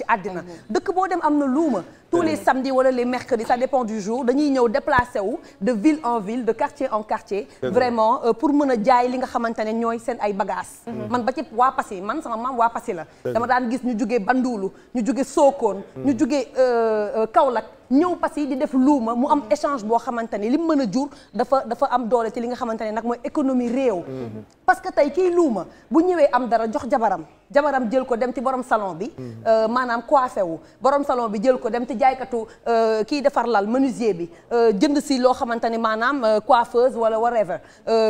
ci àddina dëkk boo dem am na luuma tous les mm. samedis wala les mercredis ça dépend du jour dañuy ñëw déplacé wu de ville en ville de quartier en quartier vraiment euh, pour mën a jaay li nga xamante ne ñooy seen ay bagages mm-hmm. man ba ci waa Passy man sama maam waa Passy la dama daan gis ñu jugee Bandoulu ñu jugee Sokone ñu jugee euh, euh, Kaolack ñëw parce que di def luuma mu am échange boo xamante ni li mu mën a jur dafa dafa am doole ci li nga xamante ne nag mooy économie réew. parce que tey kii luuma bu ñëwee am dara jox jabaram jabaram jël ko dem ci borom salon bi. Euh, maanaam coiffé wu borom salon bi jël ko dem ci jaaykatu euh, kii defar lal menuisier bi euh, jënd si loo xamante ni maanaam coiffeuse wala whatever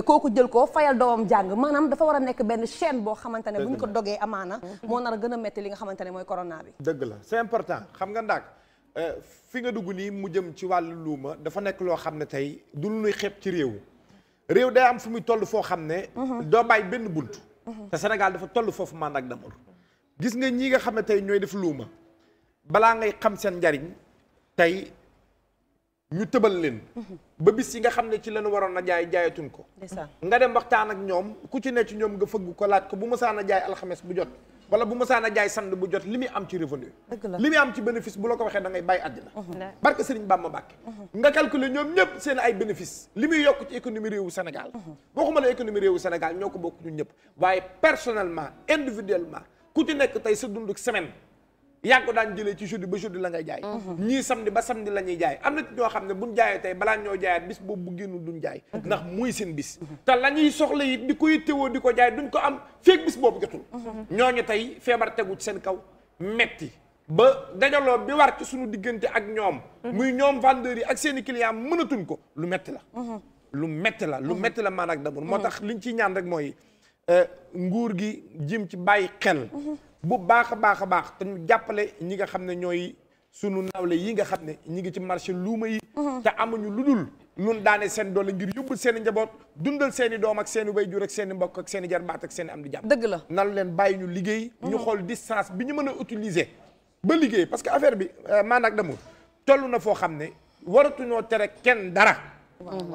kooku jël ko fayal doomam jàng maanaam dafa war a nekk benn chaîne boo xamante ne bu ñu ko dogee amaana. moo nar a gën a metti li nga xamante ne mooy corona bi. dëgg la important xam nga ndax. Euh, fi nga dugg nii mu jëm ci wàll luuma dafa nekk loo xam ne tey du lu nuy xeeb ci réew réew day am fu muy toll foo xam ne mhm. doo bàyyi benn bunt mhm. te Sénégal dafa toll foofu mànd ak damor gis nga ñi nga xam ne tey ñooy def luuma balaa ngay xam seen njariñ tey ñu tëbal leen mhm. ba bis yi nga xam ne ci lañu waroon a jaay jaayatuñ ko nga dem waxtaan ak ñoom ku ci nekk ci ñoom nga fëgg ko laaj ko bu mësaan a jaay alxames bu jot wala bu masaan a jaay sand bu jot li muy am ci revenu li muy am ci bénéfice bu la ko waxee da ngay bàyyi àddina mm-hmm. barke Sëriñ Bamba Mbàkke mm-hmm. nga calculer ñoom ñëpp seen ay bénéfice li muy yokk ci économie réewu Sénégal mm-hmm. waxuma la économie réewu Sénégal ñoo ko bokk ñu ñëpp waaye personnellement individuellement ku ci nekk tey sa dund semaine yaa ko daan jëlee ci jeudi ba jeudi la ngay jaay mhm. ñii samedi ba samedi la ñuy jaay am na ci ñoo xam ne buñ jaayee tey balaa ñoo jaayaat bis boobu bu génn duñ jaay mhm. ndax muy seen bis mhm. te la ñuy soxla yi di koy téwoo di ko jaay duñ ko am feeg bis boobu jotul ñooñu tey feebar tegu ci seen kaw metti ba dajaloo bi war ci suñu diggante ak ñoom muy ñoom vendeurs yi ak seen i client mënatuñ ko lu metti la lu metti la lu metti la maanaam ak dabur moo tax liñ ciy ñaan rek mooy euh, nguur gi jëm ci bàyyi xel bu baax a baax a baax te ñu jàppale ñi nga xam ne ñooy sunu nawle yi nga xam ne ñi ngi ci marché luuma yi mhm. te amuñu lu dul ñun daane seen doole ngir yóbbul seen njaboot dundal seeni doom ak seeni i wayjur ak seen i mbokk ak seen i jarbaat ak seen am di jàpp dëgg la nanu leen bàyyi ñu liggéey mhm. ñu xool distance bi ñu mën a utiliser ba liggéey parce que affaire bi euh, maanaam damu tollu na foo xam ne waratuñoo tere kenn dara waaw mhm.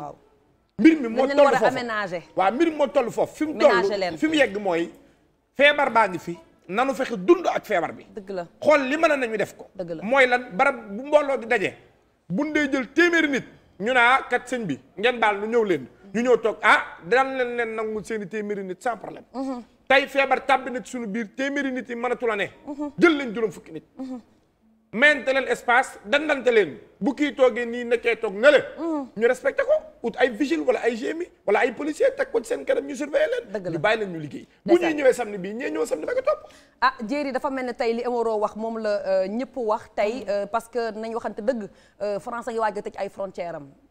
mbir mi moo toll foofu waaw mbir moo toll foofu fi mu toll fi mu yegg mooy feebar baa ngi fi nanu fexe dund ak feebar bi. dëgg la xool li man a nañu def ko. dëgg la mooy lan barab bu mbooloo di daje. buñ dee jël téeméeri nit ñu naa ah, kat sëñ bi ngeen baal nu ñëw leen. Mm-hmm. ñu ñëw toog ah daan leen leen nangu seen i téeméeri nit sans problème. Mm-hmm. tey feebar tàbbi na sunu biir téeméeri nit yi mënatu a ne. Mm-hmm. jël leen juróom fukki nit. mayante leen espace dandante leen bu kii toogee nii nekkee toog nële. ñu respecté ko ut ay vigile wala ay GMI wala ay policier teg ko ci seen kanam ñu surveiller leen. dëgg la ñu bàyyi leen ñu liggéey. bu ñuy ñëwee samedi bii ñee ñëw samedi ba ko topp. ah jéeri dafa mel ne tey li Emoro euh, mm. euh,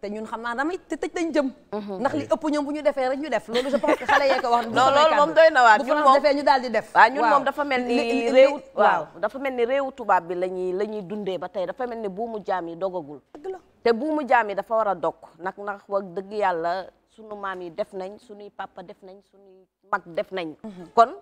euh, a naa damay te tëj dañ jëm. Mm-hmm. ndax li ëpp ñoom bu ñu defee rek ñu def loolu je pense que xale di def. waaw ñun moom dafa mel ni réew waaw dafa mel ni tubaab bi la ñuy la ñuy dundee ba tey dafa mel ni buumu jaam yi dogagul te buumu jaam yi dafa war a dog nag ndax wax dëgg yàlla sunu maam yi def nañ sunuy papa def nañ sunuy mag def nañ mhm. kon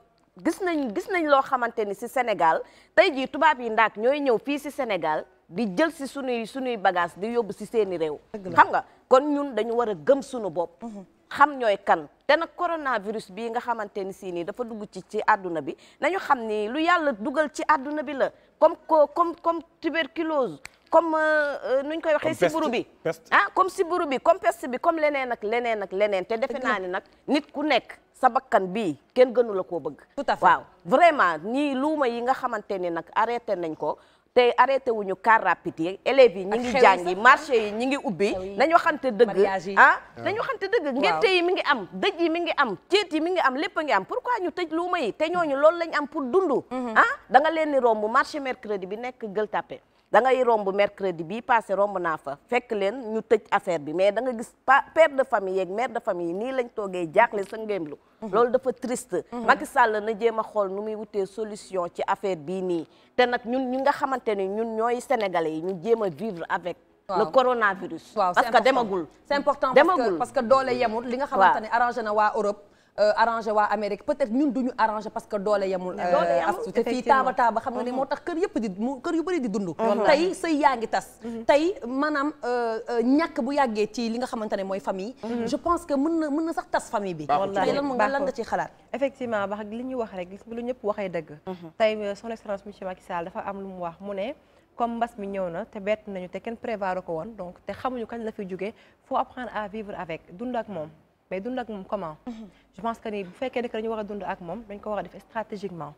gis nañ gis nañ loo xamante ni si Sénégal tey jii tubaab yi ndaak ñooy ñëw fii si Sénégal di jël si sunuy sunuy bagage di yóbbu si seeni réew xam nga kon ñun dañu war a gëm sunu bopp mhm. xam ñooy kan te nag coronavirus bii nga xamante ni si nii dafa dugg ci ci àdduna bi nañu xam ni lu yàlla dugal ci àdduna bi la comme comme comme tuberculose comme euh, euh, nu ñu koy waxee siburu bi ah comme siburu bi comme peste bi comme leneen ak leneen ak leneen te defe naa ne nag nit ku nekk sa bakkan bii kenn gënu la koo bëgg tout à fait vraiment ñii luuma yi nga xamante ni nag arrêté nañ ko te arrêté wuñu car rapide yi élèves yi ñi ngi jàngi marché yi ñi ngi ubbi nañ waxante dëgg ah, ah. nañ waxante dëgg ngente yi mi ngi am dëj yi mi ngi am ceet yi mi ngi am lépp a ngi am pourquoi ñu tëj luuma yi te ñooñu loolu lañ am pour dund mhm. ah da nga leen ni romb marché mercredi bi nekk Gueule Tapée da ngay romb mercredi bi passé romb naa fa fekk leen ñu tëj affaire bi mais da nga gis pa père de famille yeeg mère de famille nii lañ toogee jaaxle sa ngéemlu mhm. loolu dafa triste mhm. Macky Sall na jéem a xool nu muy wutee solution ci affaire bii nii te nag ñun ñi nga xamante ni ñun ñooy sénégalais yi ñu jéem a vivre avec le coronavirus parce que demagul c'est parce que doole yemul li nga xamante ne arrangé na waa Europe Euh, arrangé waa Amérique peut-être ñun duñu arrangé parce que doole yamul astu euh, te fii taaba taaba xam nga ne mm-hmm. moo tax kër yëpp di mu kër yu bëri di dund mm-hmm. tey sëy yaa ngi tas mm-hmm. tey maanaam euh, ñàkk bu yàggee ci li nga xamante ne mooy famille je pense que mën na mën na sax tas famille bi tey lan nga nga xalaat effectivement bax li ñu wax rek lu ñëpp waxee dëgg tey son excellence monsieur Macky Sall dafa am lu mu wax mu ne comme mbas mi ñëw na te bett nañu te kenn prévoir ko woon donc te xamuñu kañ la fi jógee faut apprendre à vivre avec dund ak moom mais dund ak moom comment je pense que ni bu fekkee ne que dañu war a dund ak moom dañ ko war a def stratégiquement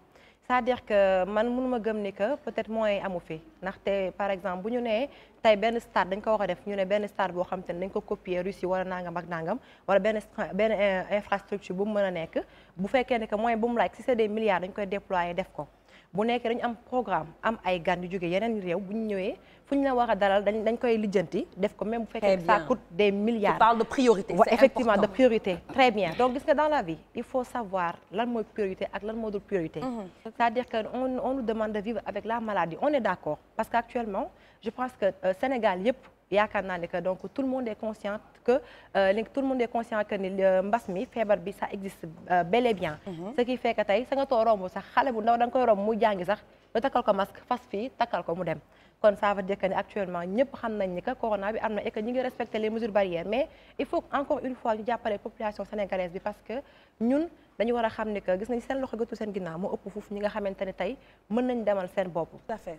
cest dire que man munuma gëm ni que peut-être moyen amu fi ndaxte par exemple bu ñu nee tey benn stade dañ ko war a def ñu ne benn stade boo xam te ne dañ ko copier Russie wala nangam ak nangam wala benn benn euh, infrastructure bu mu mën a nekk bu fekkee ne que moyen bu mu laaj si c'est des milliards dañ koy déployer def ko bu nekkee dañu am programme am ay gan yu jógee yeneen réew bu ñu ñëwee fu ñu la war dalal dañ dañ koy lijjanti def ko même bu fekkee ça coûte des milliards. tu parles de priorité effectivement important. de priorité très bien donc gis nga dans la vie il faut savoir lan mooy priorité ak lan moo dul priorité mhm. c'est-à-dire que on on nous demande de vivre avec la maladie on est d'accord parce que actuellement je pense que euh, Sénégal yëpp yaakaar naa ni que donc tout le monde est conscient que euh, li tout ni euh, mbas mi feebar bi ça existe euh, bel et bien mhm. ce qui fait que tey sa nga too romb sax xale bu ndaw da nga koy romb mu jàngi sax nga takkal ko masque fas fii takkal ko mu dem kon ça veut dire que ni actuellement ñëpp xam nañ ni que corona bi am na et que ñu ngi respecter les mesures barrières mais il faut encore une jàppale population sénégalaise bi parce que ñun dañu war a xam ni que gis nañ seen loxo gëtu seen ginnaaw moo ëpp foofu ñi nga xamante ne tey mën nañ demal seen bopp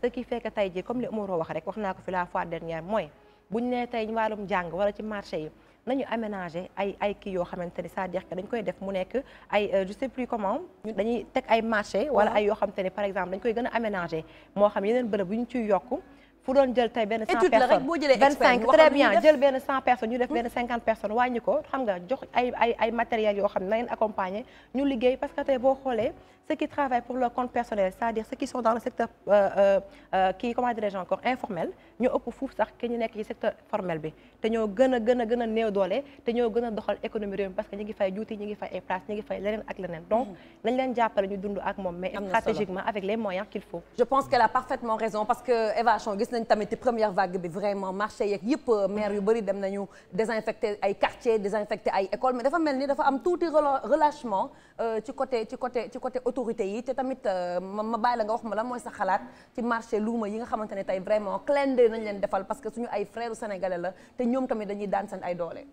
ce qui fait que tey ji comme li Omaro wax rek buñ nee tey wàllum jàng wala ci marché yi nañu aménager ay ay kii yoo xamante ni c'est-à-dire que dañ koy def mu nekk ay euh, je sais plus comment dañuy teg ay marché wala ay yoo xamante ni par exemple dañ koy gën a aménager moo xam yeneen bërëb bu ñu ci yokk fu doon jël tey benn cent jël benn cent ñu def hmm. benn cinquante personnes wàññi ko xam nga jox ay ay yoo xam na ngeen accompagner ñu liggéey parce que tey boo xoolee ceux qui travaillent pour leur compte personnel c'est-à-dire ceux qui sont dans le secteur euh, euh, euh, kii comment dirais-je encore informel ñoo ëpp fuuf sax ki ñu nekk ci secteur formel bi te ñoo gën a gën néew doole te ñoo gën doxal économie réew mi parce que ñu ngi fay juuti ñu ngi fay ay place nañ tamit première vague bi vraiment marché yeeg yëpp maire yu bëri dem nañu désinfecté ay quartier désinfecté ay école mais dafa mel ni dafa am tuuti relâchement euh, ci côté ci côté ci côté autorité yi te tamit euh, ma bàyyi la nga wax ma la mooy sa xalaat ci marché luuma yi nga xamante ne tey vraiment clendé nañ leen defal parce que suñu ay frères sénégalais la te ñoom tamit dañuy daan seen ay doole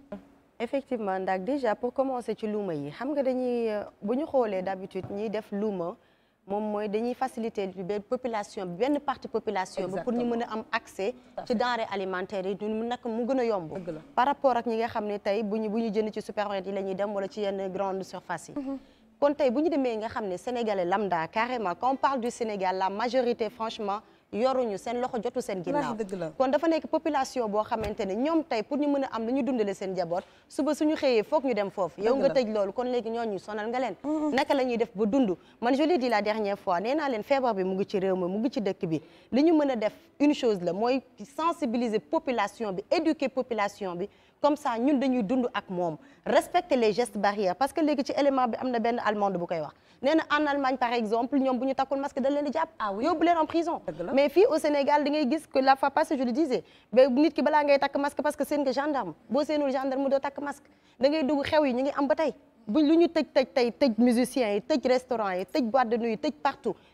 effectivement ndax déjà pour commencer ci luuma yi xam nga dañuy euh, bu ñu xoolee d'habitude ñiy def moom mooy dañuy faciliter benn population benn parti population bi pour ñu mën a am accès ci denrées alimentaires yi ñu nag mu gën a yomb par rapport ak ñi nga xam ne tey bu ñu bu ñu jënd ci supermarché yi la ñuy dem wala ci yenn grande surface yi mm-hmm. kon tey bu ñu demee nga xam ne sénégalais lambda carrément quand parle du Sénégal la majorité franchement yoruñu seen loxo jotu seen ginnaaw kon dafa nekk population boo xamante ne ñoom tey pour ñu mën a am lu ñu dundale seen jaboot suba suñu xëyee foog ñu dem foofu yow nga tëj loolu kon léegi ñooñu sonal nga na naka la ñuy def ba dund man je l'ai dit la dernière fois nee naa leen feebar bi mu ngi ci réew mu ngi ci dëkk bi li ñu mën a def une chose la mooy sensibiliser population bi éduquer population bi comme ça ñun dañuy dund ak moom respecter les gestes barrières parce que léegi ci élément bi am na benn allemande bu koy wax nee na en Allemagne par exemple ñoom bu ñu takkul masque dañ leen di jàpp ah yóbbu leen en prison mais fii au Sénégal da ngay que la fois passée je le disais mais nit ki balaa ngay takk masque parce que seen nga gendarme boo seenul gendarme doo takk masque da ngay dugg xew yi ñu ngi am ba tey buñ lu ñu tëj tëj tey tëj yi tëj restaurant yi tëj boîte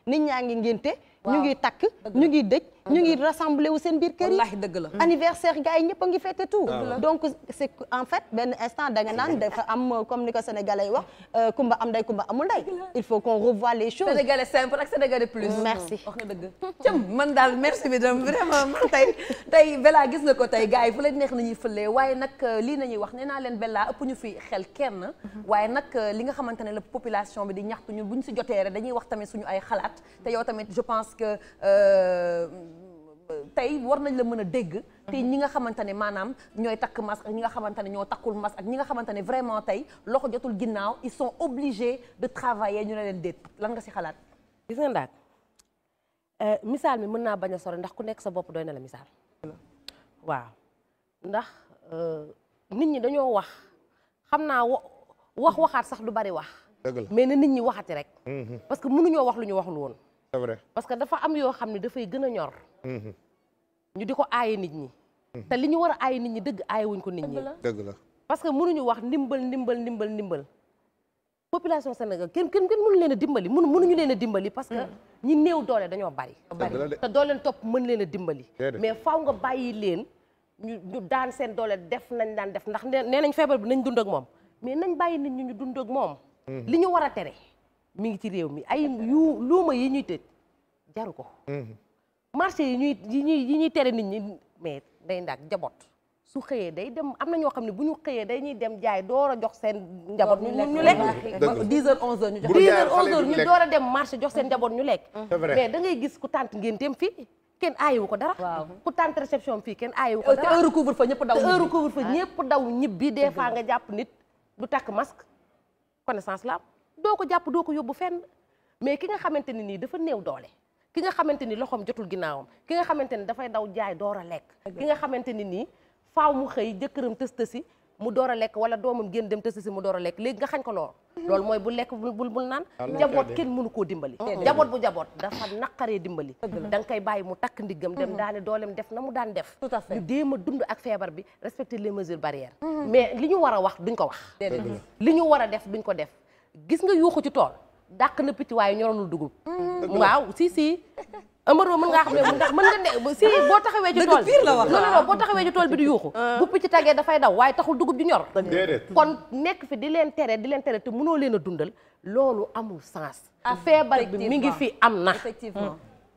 ñaa ngi ngénte ñu ngi takk ñu ngi dëj ñu ngi rassemblé wu seen biir kër yi dëgg la mm. anniversaire gars yi ñëpp a ngi fêté tout donc c'est en fait benn instant da nga naan dafa am euh, comme ni ko sénégalais yi wax euh, kumba am nday kumba amul nday il faut qu'on revoie les choses sénégalais simple ak sénégalais plus mm. merci wax nga dëgg cëm man daal merci bi dam vraiment man tey tey Bella gis nga ko tey gars yi fu leen neex nañuy fëlee waaye nag euh, lii nañuy wax nee naa leen Bella ëpp ñu fi xel kenn mm-hmm. waaye nag li nga xamante ne la population bi di ñaxtu ñu buñ si jotee rek dañuy wax tamit suñu ay xalaat pense que euh, tey war nañ la mën a dégg. te ñi nga xamante ne maanaam ñooy takk masque ak ñi nga xamante ne ñoo takkul masque ak ñi nga xamante ne vraiment tey loxo jotul ginnaaw ils sont obligés de travailler ñu ne leen déet lan nga ci xalaat. gis nga ndax euh, misaal mi mën naa bañ a sori ndax ku nekk sa bopp dooy na la misaal. waaw ndax euh, nit ñi dañoo wax xam naa wax waxaat sax lu bari wax. mais na nit ñi waxati rek. Mm-hmm. parce que mënuñoo wax lu ñu waxul woon. c'est parce que dafa am yoo xam ne dafay gën a ñor. Mm-hmm. ñu di ko aaye nit ñi. Mm-hmm. te li ñu war a aaye nit ñi dëgg aaye wuñ ko nit ñi. dëgg la parce que mënuñu wax ndimbal ndimbal ndimbal ndimbal. population Sénégal kenn kenn kenn leen a dimbali mënu mënuñu leen dimbali parce que mm-hmm. ñi new doole dañoo bari. bari te doo topp mën leen a dimbali. mais faw nga bàyyi leen ñu daan seen doole def nañ daan def ndax nee nañ feebar bi nañ dund moom mais nañ bàyyi nit ñi ñu dund moom. li ñu war a tere. mi ngi ci réew mi ay yu luuma yi ñuy tëj jaru ko. Mm-hmm. marché yi ñuy yi ñuy yi ñuy tere nit ñi mais day ndax njaboot su xëyee day dem am na ñoo xam ne bu ñu xëyee day ñuy dem jaay door a jox seen njaboot ñu ñu lekk dix heures onze heures ñu jox dem marché jox seen njaboot ñu lekk mais da ngay gis ku tànt ngénteem fii kenn aayewu ko dara ku tànt réception fii kenn aayewu ko euh, dara te heure couvre fa ñëpp daw ñëpp daw ñibbi des fois nga jàpp nit du takk masque connaissance la doo ko jàpp doo ko yóbbu fenn mais ki nga xamante ni nii dafa néew doole ki nga xamante ni loxoom jotul ginnaawam ki nga xamante ni dafay daw jaay door a lekk ki nga xamante ni nii faaw mu xëy jëkkëram tës tësi mu door a lekk wala doomam génn dem tës tësi mu door a lekk léegi nga xañ ko lool loolu mooy bu lekk bul bul naan jaboot kenn mënu koo dimbali jaboot bu jaboot dafa naqaree dimbali da nga koy bàyyi mu takk ndiggam dem daane dooleem def na mu daan def ñu déem a dund ak feebar bi respecter les mesures barrières mmh. mais li ñu war a wax duñ ko wax li ñu war a def duñ ko def gis nga yuuxu ci tool dàq na picc waaye ñoranul dugub. waaw si si. Amaro mën ngaa xam ne mën nga ne si boo taxawee ci tool bi non non boo taxawee tool bi di yuuxu ah. bu picc tagee dafay daw waaye taxul dugub ji ñor kon nekk fi di leen tere di leen tere te mënoo leen dundal loolu amul sens feebar bi mi ngi fi am na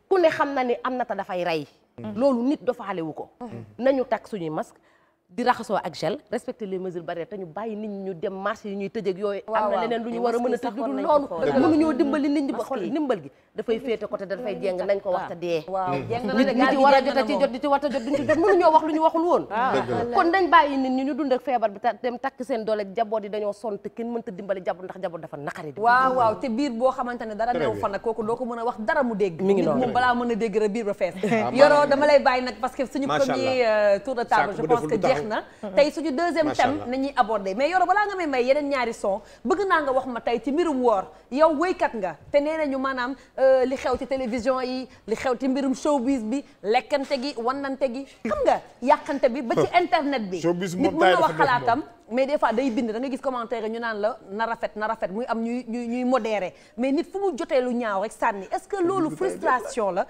ku ne xam na ni am na te dafay rey mm. loolu nit dofaalewu ko mm. nañu takk suñuy masque di raxasoo ak gel respecter les mesures barrières te ñu bàyyi nit ñi ñu dem marché yi ñuy tëj yooyu am na leneen lu ñu war a mën a tëj lu dul loolu mënuñoo dimbali nit ñi ba xool ndimbal gi dafay féete côté dafay jéng nañ ko waxta dee nit ñi war a jot a ci ñu ah. ne dara ko mën a wax dara mu dégg mi ngi noonu moom balaa mën ah, euh, tour de table je pense que neex na suñu deuxième thème nañuy aborder mais yoro balaa nga may may yeneen ñaari son bëgg naa nga wax ma tey ci mbirum woor yow wéykat nga te nee nañu maanaam euh, li xew ci télévision yi li xew ci mbirum showbiz bi lekkante gi wannante gi xam nga yàqante bi ba ci internet bi nit mën na wax xalaatam mais de fois day bind da nga gis commentaire ñu naan la na rafet na rafet muy am ñuy ñuy ñuy modéré mais nit fu mu jotee lu ñaaw rek sànni est-ce que loolu frustration la